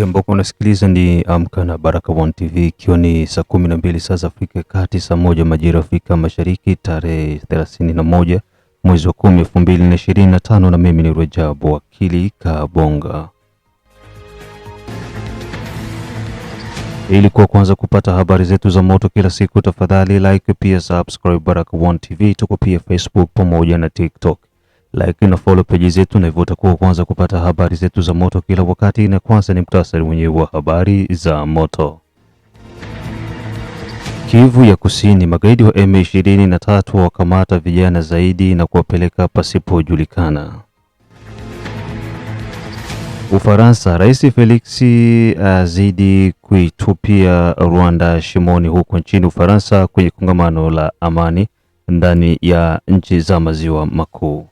Ndio ambako unasikiliza ni Amka na Baraka1 TV, ikiwa ni saa kumi na mbili saa za Afrika ya Kati, saa moja majira ya Afrika Mashariki, tarehe thelathini na moja mwezi wa kumi elfu mbili na ishirini na tano na mimi ni Rajabu Wakili Kabonga. Ili kuwa kwanza kupata habari zetu za moto kila siku, tafadhali like, pia subscribe baraka One TV. Tuko pia Facebook pamoja na TikTok like na follow page zetu, na hivyo utakuwa kwanza kupata habari zetu za moto kila wakati, na kwanza ni mktasari mwenyewe wa habari za moto. Kivu ya Kusini, magaidi wa M23 wakamata vijana zaidi na kuwapeleka pasipojulikana. Ufaransa, Rais Felix uh, azidi kuitupia Rwanda shimoni huko nchini Ufaransa kwenye kongamano la amani ndani ya nchi za maziwa makuu.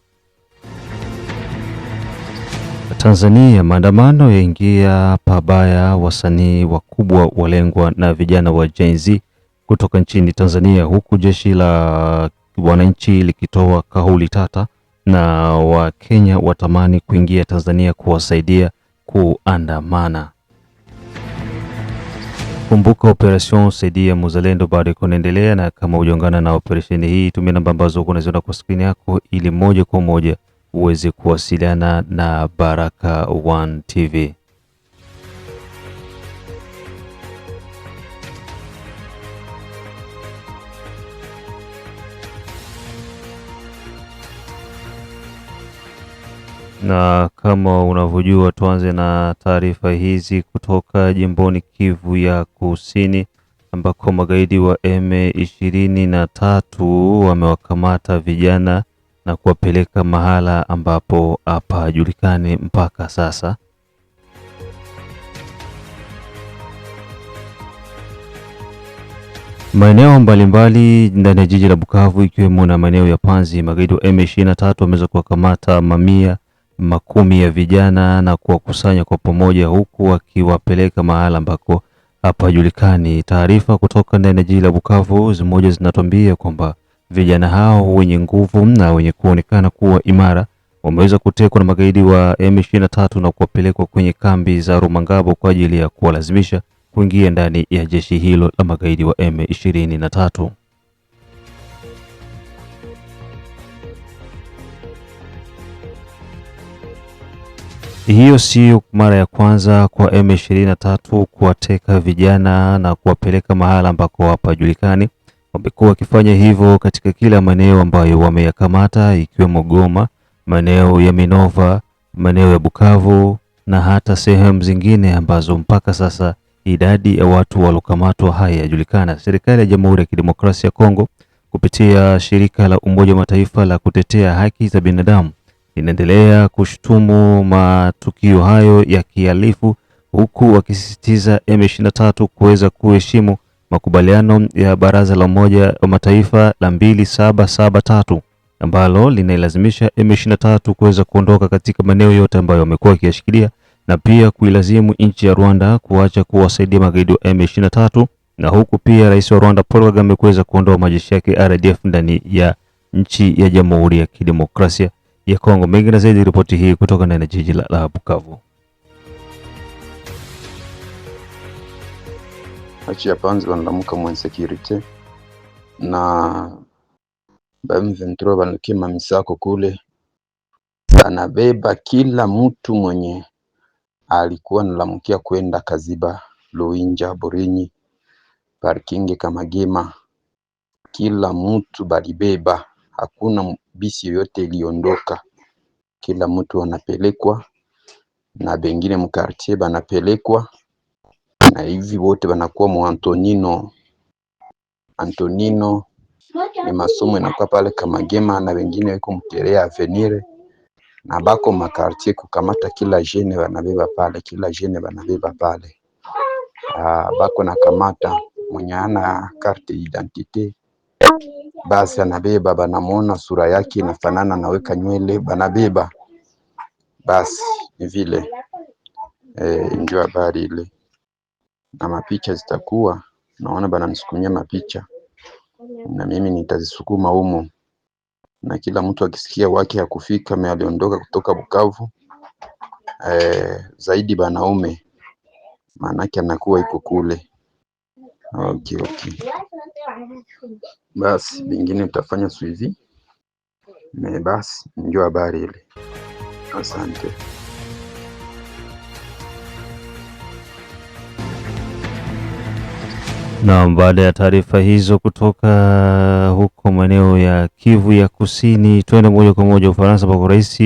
Tanzania, maandamano yaingia pabaya, wasanii wakubwa walengwa na vijana wa Gen Z kutoka nchini Tanzania, huku jeshi la wananchi likitoa kauli tata na Wakenya watamani kuingia Tanzania kuwasaidia kuandamana. Kumbuka operation saidia muzalendo bado iko inaendelea, na kama hujaungana na operesheni hii, tumia namba ambazo unaziona kwa skrini yako ili moja kwa moja uweze kuwasiliana na Baraka1 TV. Na kama unavyojua, tuanze na taarifa hizi kutoka jimboni Kivu ya Kusini ambako magaidi wa M23 wamewakamata vijana na kuwapeleka mahala ambapo ah, hapajulikani mpaka sasa. Maeneo mbalimbali ndani ya jiji la Bukavu ikiwemo na maeneo ya Panzi, magaidi wa M23 wameweza kuwakamata mamia makumi ya vijana na kuwakusanya kwa pamoja, huku wakiwapeleka mahala ambako hapajulikani. Taarifa kutoka ndani ya jiji la Bukavu zimoja zinatuambia kwamba Vijana hao wenye nguvu na wenye kuonekana kuwa imara wameweza kutekwa na magaidi wa M23 na kuwapelekwa kwenye kambi za Rumangabo kwa ajili ya kuwalazimisha kuingia ndani ya jeshi hilo la magaidi wa M23. Hiyo sio mara ya kwanza kwa M23 kuwateka vijana na kuwapeleka mahala ambako hapajulikani wamekuwa wakifanya hivyo katika kila maeneo ambayo wameyakamata ikiwemo Goma, maeneo ya Minova, maeneo ya Bukavu na hata sehemu zingine ambazo mpaka sasa idadi ya watu waliokamatwa hayajulikana. Serikali ya Jamhuri ya Kidemokrasia ya Kongo kupitia shirika la Umoja wa Mataifa la kutetea haki za binadamu inaendelea kushutumu matukio hayo ya kihalifu huku wakisisitiza M23 kuweza kuheshimu makubaliano ya Baraza la Umoja wa Mataifa la 2773 ambalo linailazimisha M23 kuweza kuondoka katika maeneo yote ambayo wamekuwa wakiyashikilia na pia kuilazimu nchi ya Rwanda kuacha kuwasaidia magaidi wa M23 na huku pia Rais wa Rwanda Paul Kagame kuweza kuondoa majeshi yake RDF ndani ya nchi ya Jamhuri ya Kidemokrasia ya Kongo. Mengi na zaidi, ripoti hii kutoka ndani ya jiji la Bukavu. panzi banlamuka mu insecurity na ba M23 banakima misako kule, banabeba kila mtu mwenye alikuwa nalamukia kwenda Kaziba, Luinja, Burinyi, parkingi Kamagema, kila mtu balibeba, hakuna bisi yoyote iliondoka. Kila mtu anapelekwa na bengine mkartie banapelekwa na hivi wote wanakuwa mu Antonino. Antonino ni masomo inakuwa pale Kamagema, na wengine wiko mterea avenir na bako makartie kukamata kila jene wanabeba pale, kila jene wanabeba pale. Aa, ah, bako nakamata mwenye ana carte identite basi anabeba, banamwona sura yake inafanana, naweka nywele, banabeba basi ni vile e, eh, ndio habari ile na mapicha zitakuwa, naona bananisukumia mapicha na mimi nitazisukuma humo, na kila mtu akisikia wake hakufika aliondoka kutoka Bukavu eh, zaidi banaume maanake anakuwa iko kule. Okay, okay. Basi vingine utafanya suivi me, basi ndio habari ile. Asante. Naam, baada ya taarifa hizo kutoka huko maeneo ya Kivu ya Kusini, twende moja kwa moja Ufaransa, ambako Rais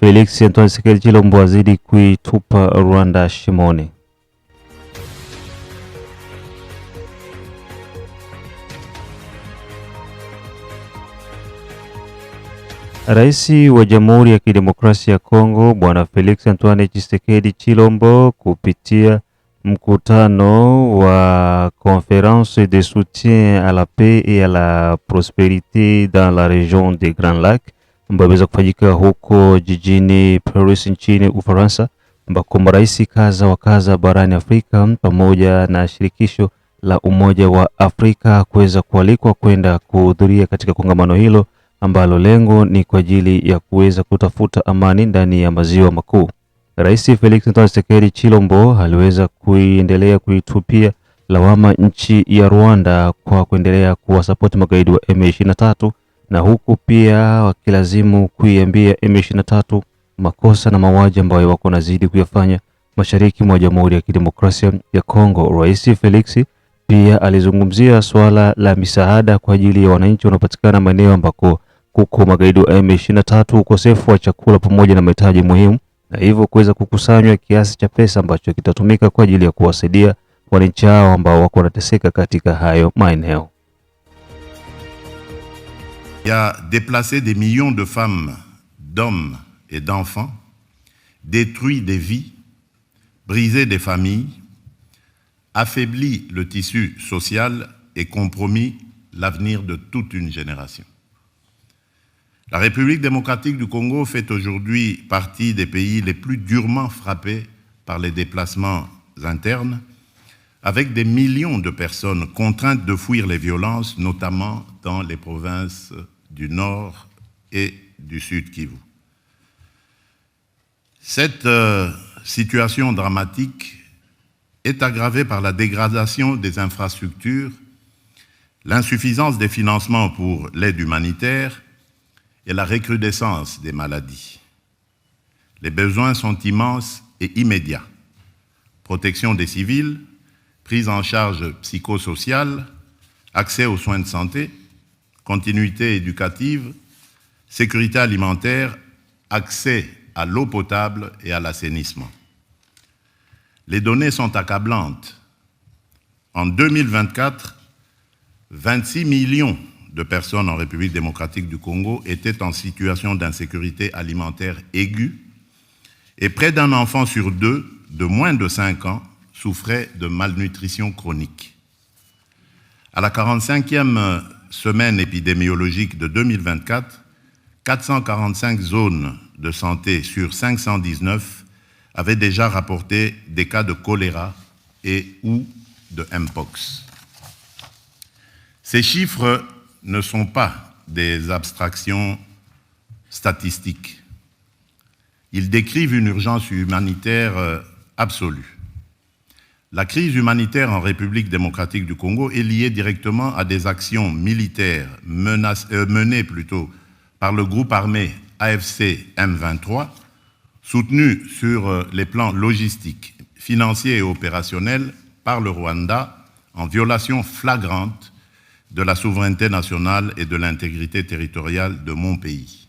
Felix Antoine Tshisekedi Tshilombo azidi kuitupa Rwanda shimoni. Rais wa Jamhuri ya Kidemokrasia ya Kongo Bwana Felix Antoine Tshisekedi chilombo kupitia Mkutano wa conférence de soutien à la paix et à la prospérité dans la région des Grands Lacs ambayo imeweza kufanyika huko jijini Paris nchini Ufaransa, ambako marais kaza wa kaza barani Afrika pamoja na shirikisho la Umoja wa Afrika kuweza kualikwa kwenda kuhudhuria katika kongamano hilo ambalo lengo ni kwa ajili ya kuweza kutafuta amani ndani ya maziwa makuu. Rais Felix Tshisekedi Chilombo aliweza kuendelea kuitupia lawama nchi ya Rwanda kwa kuendelea kuwasapoti magaidi wa M23 na huku pia wakilazimu kuiambia M23 makosa na mauaji ambayo wako nazidi kuyafanya mashariki mwa Jamhuri ya Kidemokrasia ya Kongo. Rais Felix pia alizungumzia suala la misaada kwa ajili ya wananchi wanaopatikana maeneo ambako kuko magaidi wa M23, ukosefu wa chakula pamoja na mahitaji muhimu Il a déplacé des millions de femmes d'hommes et d'enfants détruit des vies brisé des familles affaibli le tissu social et compromis l'avenir de toute une génération la République démocratique du Congo fait aujourd'hui partie des pays les plus durement frappés par les déplacements internes, avec des millions de personnes contraintes de fuir les violences, notamment dans les provinces du Nord et du Sud Kivu. Cette euh, situation dramatique est aggravée par la dégradation des infrastructures, l'insuffisance des financements pour l'aide humanitaire, et la recrudescence des maladies. Les besoins sont immenses et immédiats. Protection des civils, prise en charge psychosociale, accès aux soins de santé, continuité éducative, sécurité alimentaire, accès à l'eau potable et à l'assainissement. Les données sont accablantes. En 2024, 26 millions de personnes en République démocratique du Congo étaient en situation d'insécurité alimentaire aiguë et près d'un enfant sur deux de moins de 5 ans souffrait de malnutrition chronique. À la 45e semaine épidémiologique de 2024, 445 zones de santé sur 519 avaient déjà rapporté des cas de choléra et ou de mpox. Ces chiffres ne sont pas des abstractions statistiques. Ils décrivent une urgence humanitaire euh, absolue. La crise humanitaire en République démocratique du Congo est liée directement à des actions militaires euh, menées plutôt par le groupe armé AFC M23, soutenu sur euh, les plans logistiques, financiers et opérationnels par le Rwanda en violation flagrante de la souveraineté nationale et de l'intégrité territoriale de mon pays.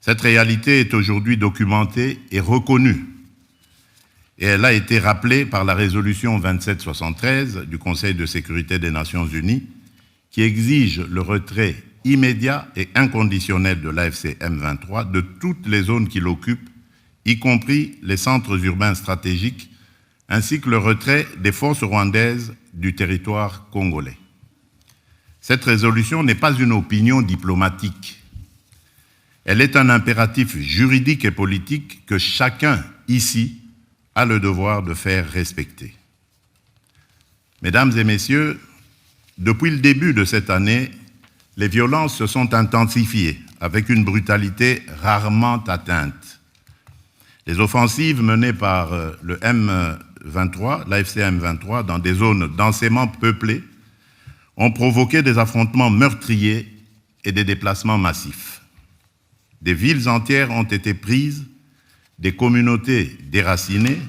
Cette réalité est aujourd'hui documentée et reconnue, et elle a été rappelée par la résolution 2773 du Conseil de sécurité des Nations Unies, qui exige le retrait immédiat et inconditionnel de l'AFC M23 de toutes les zones qu'il occupe, y compris les centres urbains stratégiques, ainsi que le retrait des forces rwandaises du territoire congolais. Cette résolution n'est pas une opinion diplomatique. Elle est un impératif juridique et politique que chacun ici a le devoir de faire respecter. Mesdames et messieurs, depuis le début de cette année, les violences se sont intensifiées avec une brutalité rarement atteinte. Les offensives menées par euh, le M23, l'AFC M23, dans des zones densément peuplées ont provoqué des affrontements meurtriers et des déplacements massifs. Des villes entières ont été prises, des communautés déracinées,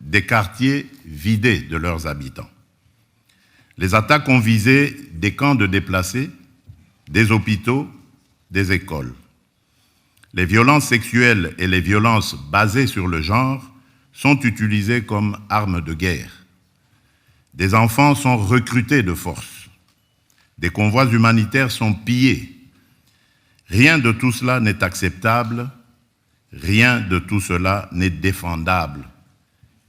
des quartiers vidés de leurs habitants. Les attaques ont visé des camps de déplacés, des hôpitaux, des écoles. Les violences sexuelles et les violences basées sur le genre sont utilisées comme armes de guerre. Des enfants sont recrutés de force des convois humanitaires sont pillés. Rien de tout cela n'est acceptable, rien de tout cela n'est défendable,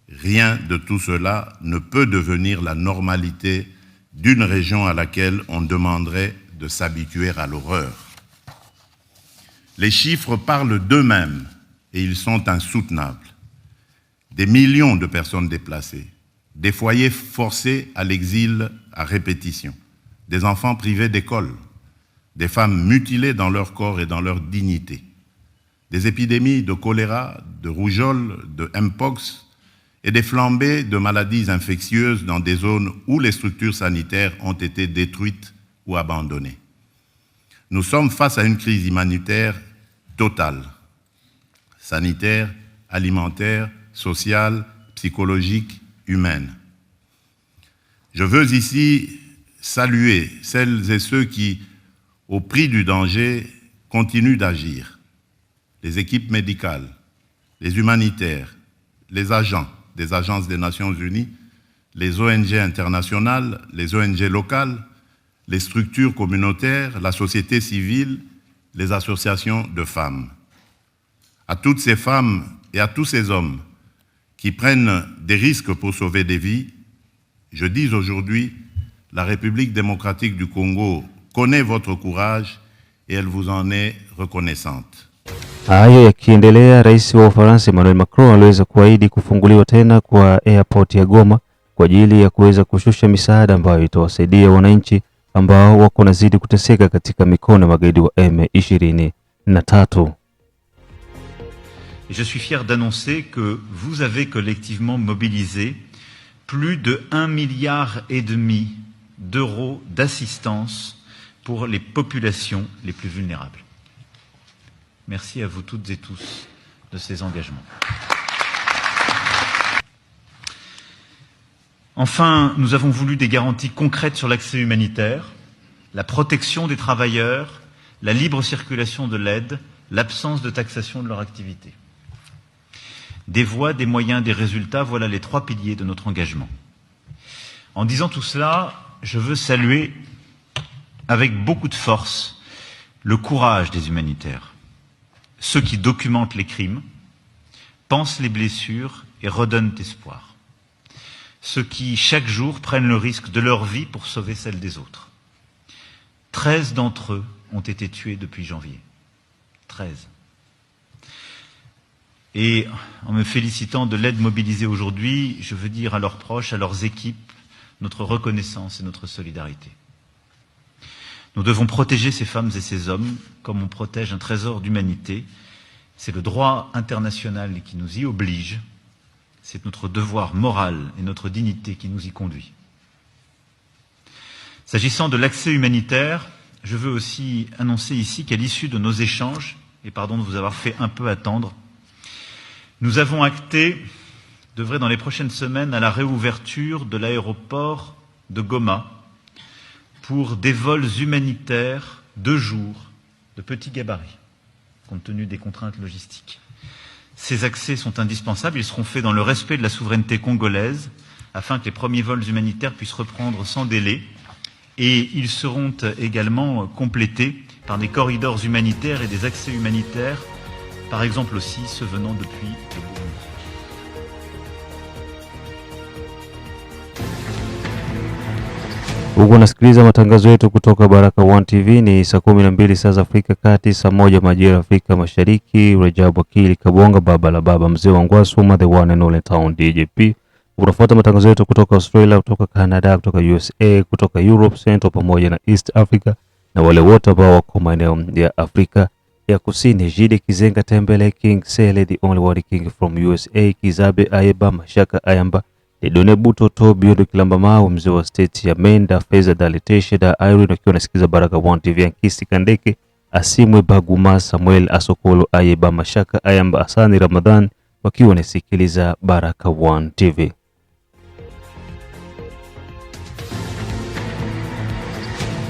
rien de tout cela ne peut devenir la normalité d'une région à laquelle on demanderait de s'habituer à l'horreur. Les chiffres parlent d'eux-mêmes et ils sont insoutenables. Des millions de personnes déplacées, des foyers forcés à l'exil à répétition des enfants privés d'école, des femmes mutilées dans leur corps et dans leur dignité, des épidémies de choléra, de rougeole, de mpox et des flambées de maladies infectieuses dans des zones où les structures sanitaires ont été détruites ou abandonnées. Nous sommes face à une crise humanitaire totale, sanitaire, alimentaire, sociale, psychologique, humaine. Je veux ici saluer celles et ceux qui, au prix du danger, continuent d'agir. Les équipes médicales, les humanitaires, les agents des agences des Nations Unies, les ONG internationales, les ONG locales, les structures communautaires, la société civile, les associations de femmes. À toutes ces femmes et à tous ces hommes qui prennent des risques pour sauver des vies, je dis aujourd'hui La République démocratique du Congo connaît votre courage et elle vous en est reconnaissante. Hayo yakiendelea, rais wa Ufaransa Emmanuel Macron aliweza kuahidi kufunguliwa tena kwa airport ya Goma kwa ajili ya kuweza kushusha misaada ambayo itawasaidia wananchi ambao wako nazidi kuteseka katika mikono ya magaidi wa M23. Je suis fier d'annoncer que vous avez collectivement mobilisé plus de 1 milliard et demi d'euros d'assistance pour les populations les plus vulnérables. Merci à vous toutes et tous de ces engagements. Enfin, nous avons voulu des garanties concrètes sur l'accès humanitaire, la protection des travailleurs, la libre circulation de l'aide, l'absence de taxation de leur activité. Des voies, des moyens, des résultats, voilà les trois piliers de notre engagement. En disant tout cela, je veux saluer avec beaucoup de force le courage des humanitaires, ceux qui documentent les crimes, pensent les blessures et redonnent espoir, ceux qui chaque jour prennent le risque de leur vie pour sauver celle des autres. Treize d'entre eux ont été tués depuis janvier. Treize. Et en me félicitant de l'aide mobilisée aujourd'hui, je veux dire à leurs proches, à leurs équipes, notre reconnaissance et notre solidarité. Nous devons protéger ces femmes et ces hommes comme on protège un trésor d'humanité. C'est le droit international qui nous y oblige. C'est notre devoir moral et notre dignité qui nous y conduit. S'agissant de l'accès humanitaire, je veux aussi annoncer ici qu'à l'issue de nos échanges, et pardon de vous avoir fait un peu attendre, nous avons acté devrait dans les prochaines semaines à la réouverture de l'aéroport de Goma pour des vols humanitaires de jour, de petit gabarit, compte tenu des contraintes logistiques. Ces accès sont indispensables, ils seront faits dans le respect de la souveraineté congolaise, afin que les premiers vols humanitaires puissent reprendre sans délai, et ils seront également complétés par des corridors humanitaires et des accès humanitaires, par exemple aussi ceux venant depuis le huku unasikiliza matangazo yetu kutoka Baraka One TV. Ni saa kumi na mbili saa za Afrika Kati, saa moja majira Afrika Mashariki. Rajab Akili Kabonga, baba la baba, mzee wa Ngwasuma, the one and only town DJP. Unafuata matangazo yetu kutoka Australia, kutoka Canada, kutoka USA, kutoka Europe Central pamoja na East Africa na wale wote ambao wako maeneo ya Afrika ya Kusini. Jide Kizenga Tembele, King Sele, the only one king from USA, Kizabe Ayeba Mashaka Ayamba Didone Buto to Biodo Kilamba Mao, mzee wa state ya Menda, Feza Daliteshe da Irene, wakiwa nasikiza Baraka 1 TV, Ankisi Kandeke, Asimwe Baguma, Samuel Asokolo, Ayeba Mashaka, Ayamba Asani Ramadhan, wakiwa wanasikiliza Baraka 1 TV.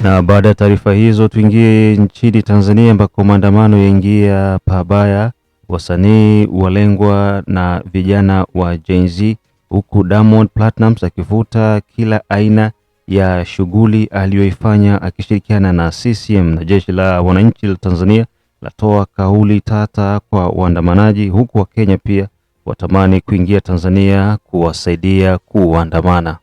Na baada ya taarifa hizo, tuingie nchini Tanzania ambako maandamano yaingia pabaya, wasanii walengwa na vijana wa Gen Z huku Diamond Platnumz akivuta kila aina ya shughuli aliyoifanya akishirikiana na CCM na jeshi la wananchi la Tanzania latoa kauli tata kwa waandamanaji, huku Wakenya pia watamani kuingia Tanzania kuwasaidia kuandamana.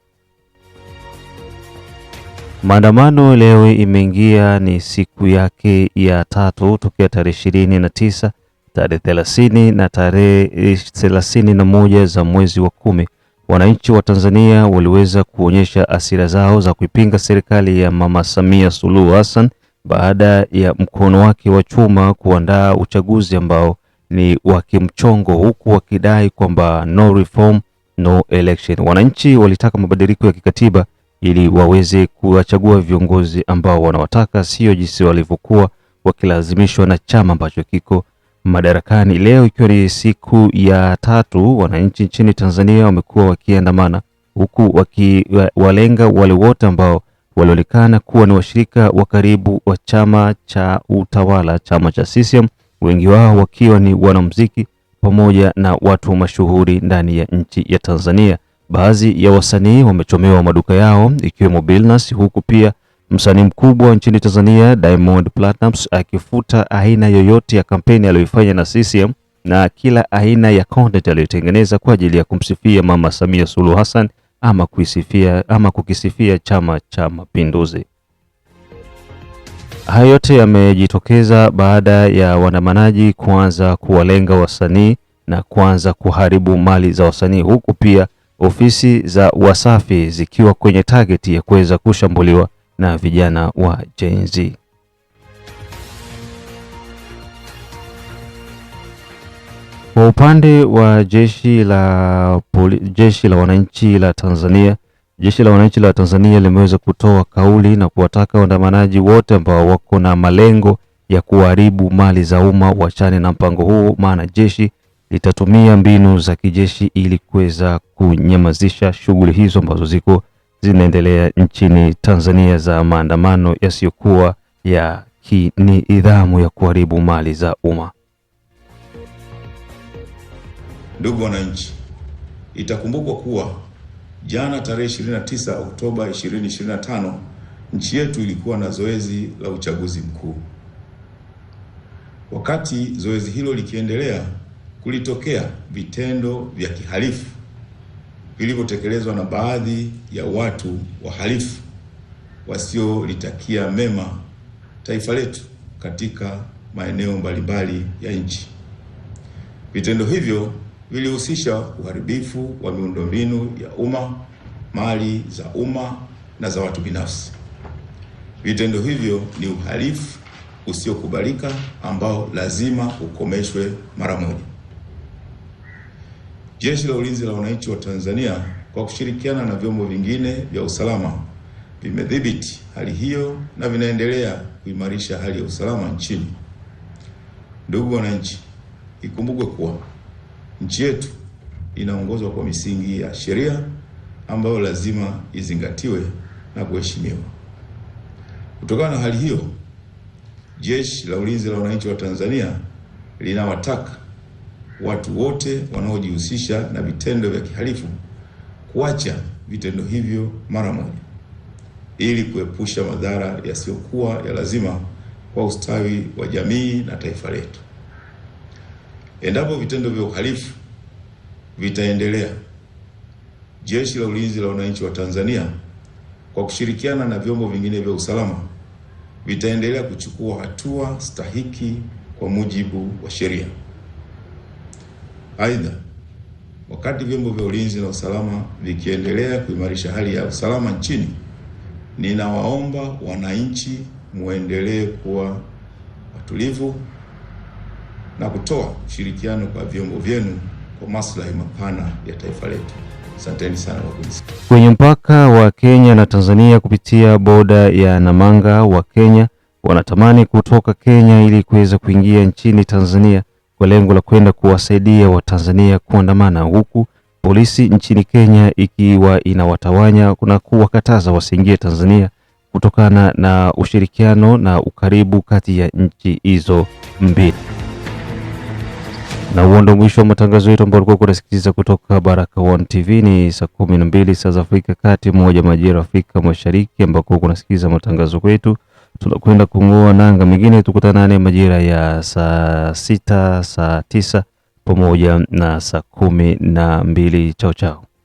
Maandamano leo imeingia ni siku yake ya tatu tokea tarehe ishirini na tisa tarehe thelathini na tarehe thelathini na moja za mwezi wa kumi wananchi wa Tanzania waliweza kuonyesha asira zao za kuipinga serikali ya Mama Samia Suluhu Hassan baada ya mkono wake wa chuma kuandaa uchaguzi ambao ni wa kimchongo, huku wakidai kwamba no reform no election. Wananchi walitaka mabadiliko ya kikatiba ili waweze kuwachagua viongozi ambao wanawataka, sio jinsi walivyokuwa wakilazimishwa na chama ambacho kiko madarakani. Leo ikiwa ni siku ya tatu, wananchi nchini Tanzania wamekuwa wakiandamana huku wakiwalenga wale wote ambao walionekana kuwa ni washirika wa karibu wa chama cha utawala, chama cha CCM, wengi wao wakiwa ni wanamuziki pamoja na watu mashuhuri ndani ya nchi ya Tanzania. Baadhi ya wasanii wamechomewa maduka yao ikiwemo Billnass, huku pia Msanii mkubwa nchini Tanzania Diamond Platnumz akifuta aina yoyote ya kampeni aliyoifanya na CCM na kila aina ya content aliyotengeneza kwa ajili ya kumsifia Mama Samia Suluhu Hassan ama kuisifia ama kukisifia Chama cha Mapinduzi. Hayo yote yamejitokeza baada ya waandamanaji kuanza kuwalenga wasanii na kuanza kuharibu mali za wasanii, huku pia ofisi za Wasafi zikiwa kwenye target ya kuweza kushambuliwa na vijana wa Gen Z. Kwa upande wa jeshi la, poli, jeshi la wananchi la Tanzania, jeshi la wananchi la Tanzania limeweza kutoa kauli na kuwataka waandamanaji wote ambao wako na malengo ya kuharibu mali za umma wachane na mpango huo, maana jeshi litatumia mbinu za kijeshi ili kuweza kunyamazisha shughuli hizo ambazo ziko zinaendelea nchini Tanzania za maandamano yasiyokuwa ya kinidhamu ya kuharibu mali za umma. Ndugu wananchi, itakumbukwa kuwa jana tarehe 29 Oktoba 2025 nchi yetu ilikuwa na zoezi la uchaguzi mkuu. Wakati zoezi hilo likiendelea, kulitokea vitendo vya kihalifu vilivyotekelezwa na baadhi ya watu wahalifu wasiolitakia mema taifa letu katika maeneo mbalimbali ya nchi. Vitendo hivyo vilihusisha uharibifu wa miundombinu ya umma, mali za umma na za watu binafsi. Vitendo hivyo ni uhalifu usiokubalika ambao lazima ukomeshwe mara moja. Jeshi la Ulinzi la Wananchi wa Tanzania kwa kushirikiana na vyombo vingine vya usalama vimedhibiti hali hiyo na vinaendelea kuimarisha hali ya usalama nchini. Ndugu wananchi, ikumbukwe kuwa nchi yetu inaongozwa kwa misingi ya sheria ambayo lazima izingatiwe na kuheshimiwa. Kutokana na hali hiyo, Jeshi la Ulinzi la Wananchi wa Tanzania linawataka watu wote wanaojihusisha na vitendo vya kihalifu kuacha vitendo hivyo mara moja ili kuepusha madhara yasiyokuwa ya lazima kwa ustawi wa jamii na taifa letu. Endapo vitendo vya uhalifu vitaendelea, Jeshi la Ulinzi la Wananchi wa Tanzania kwa kushirikiana na vyombo vingine vya usalama vitaendelea kuchukua hatua stahiki kwa mujibu wa sheria. Aidha, wakati vyombo vya ulinzi na usalama vikiendelea kuimarisha hali ya usalama nchini, ninawaomba wananchi muendelee kuwa watulivu na kutoa ushirikiano kwa vyombo vyenu kwa maslahi mapana ya taifa letu. Asanteni sana kwa Kwenye mpaka wa Kenya na Tanzania kupitia boda ya Namanga wa Kenya wanatamani kutoka Kenya ili kuweza kuingia nchini Tanzania kwa lengo la kwenda kuwasaidia Watanzania kuandamana, huku polisi nchini Kenya ikiwa inawatawanya na kuwakataza wasiingie Tanzania kutokana na ushirikiano na ukaribu kati ya nchi hizo mbili. Na huo ndio mwisho wa matangazo yetu ambayo ulikuwa unasikiliza kutoka Baraka One TV. Ni saa kumi na mbili saa za Afrika Kati, moja majira Afrika Mashariki, ambako unasikiliza matangazo kwetu tunakwenda kung'oa nanga. Mengine tukutana majira ya saa sita, saa tisa pamoja na saa kumi na mbili. Chao chao.